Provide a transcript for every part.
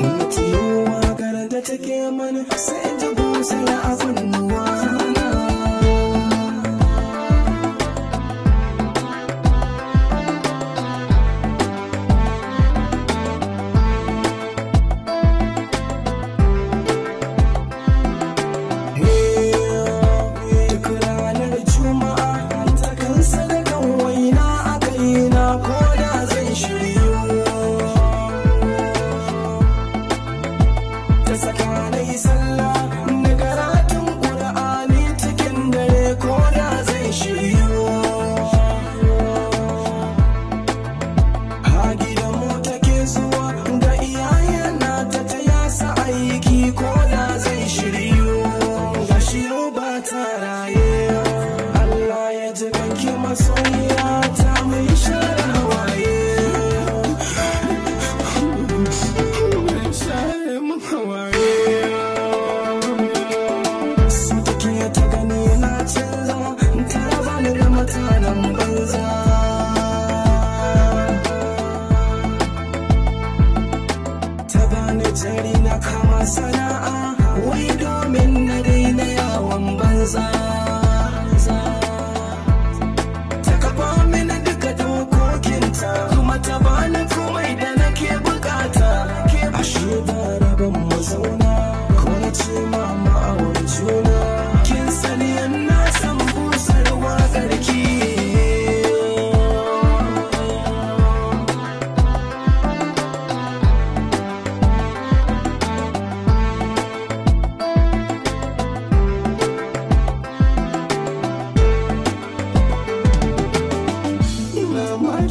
Mutu yi waƙar da take mana sai ta ya abin nuwa. just like one. jari na kama sana'a wai domin na daina yawon banza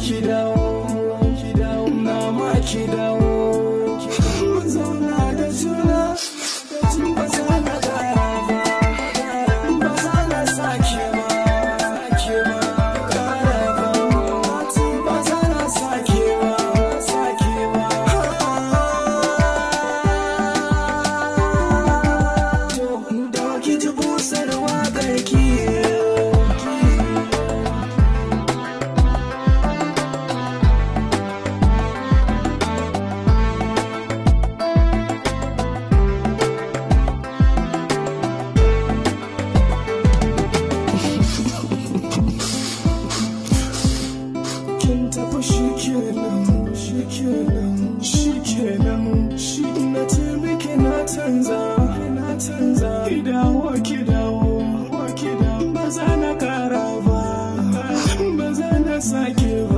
am dawo, na ma ki down. shikenan shikenan shi na ce miki na canza na canza na kara ba ba na sake ba